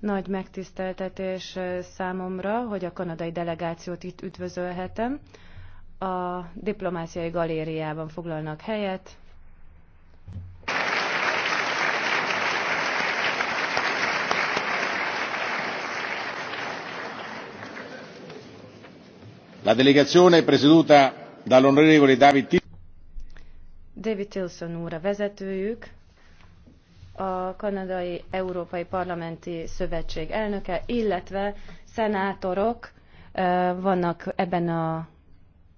Nagy megtiszteltetés számomra, hogy a kanadai delegációt itt üdvözölhetem. A diplomáciai galériában foglalnak helyet. La delegazione presieduta dall'onorevole David David Tilson úr a vezetőjük a Kanadai Európai Parlamenti Szövetség elnöke, illetve szenátorok vannak ebben a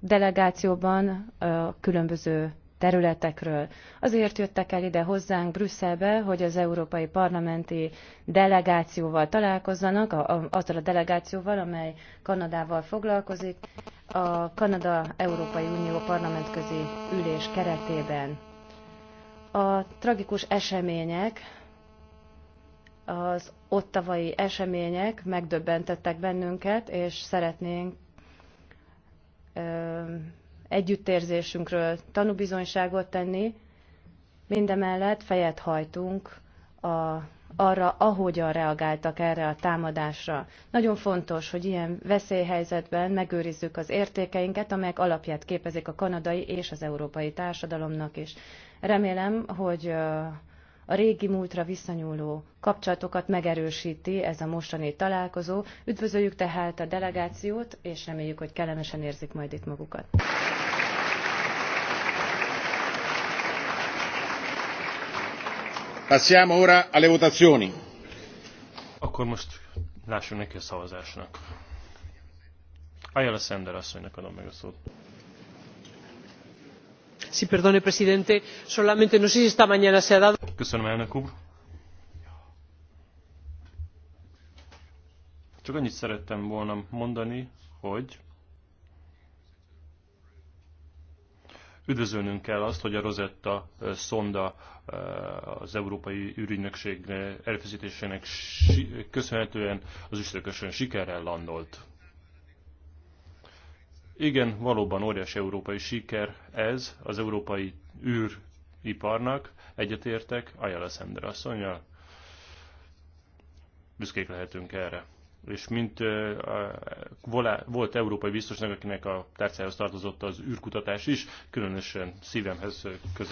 delegációban a különböző területekről. Azért jöttek el ide hozzánk Brüsszelbe, hogy az európai parlamenti delegációval találkozzanak, azzal a delegációval, amely Kanadával foglalkozik, a Kanada-Európai Unió parlamentközi ülés keretében. A tragikus események, az ottavai események megdöbbentettek bennünket, és szeretnénk ö, együttérzésünkről tanúbizonyságot tenni, mindemellett fejet hajtunk a, arra, ahogyan reagáltak erre a támadásra. Nagyon fontos, hogy ilyen veszélyhelyzetben megőrizzük az értékeinket, amelyek alapját képezik a kanadai és az európai társadalomnak is. Remélem, hogy a régi múltra visszanyúló kapcsolatokat megerősíti ez a mostani találkozó. Üdvözöljük tehát a delegációt, és reméljük, hogy kellemesen érzik majd itt magukat. Passiamo ora alle votazioni. Akkor most lássuk neki a szavazásnak. Ayala Sender asszonynak adom meg a szót. Sí, perdone, presidente. Solamente no sé si esta mañana se ha dado. Köszönöm, elnök úr. Csak annyit szerettem volna mondani, hogy Üdvözölnünk kell azt, hogy a Rosetta szonda az Európai űrügynökség erőfeszítésének köszönhetően az üstökösön sikerrel landolt. Igen, valóban óriási európai siker ez az európai űriparnak. Egyetértek Ajala Szender asszonyjal. Büszkék lehetünk erre és mint volt európai biztosnak, akinek a tárcájához tartozott az űrkutatás is, különösen szívemhez közel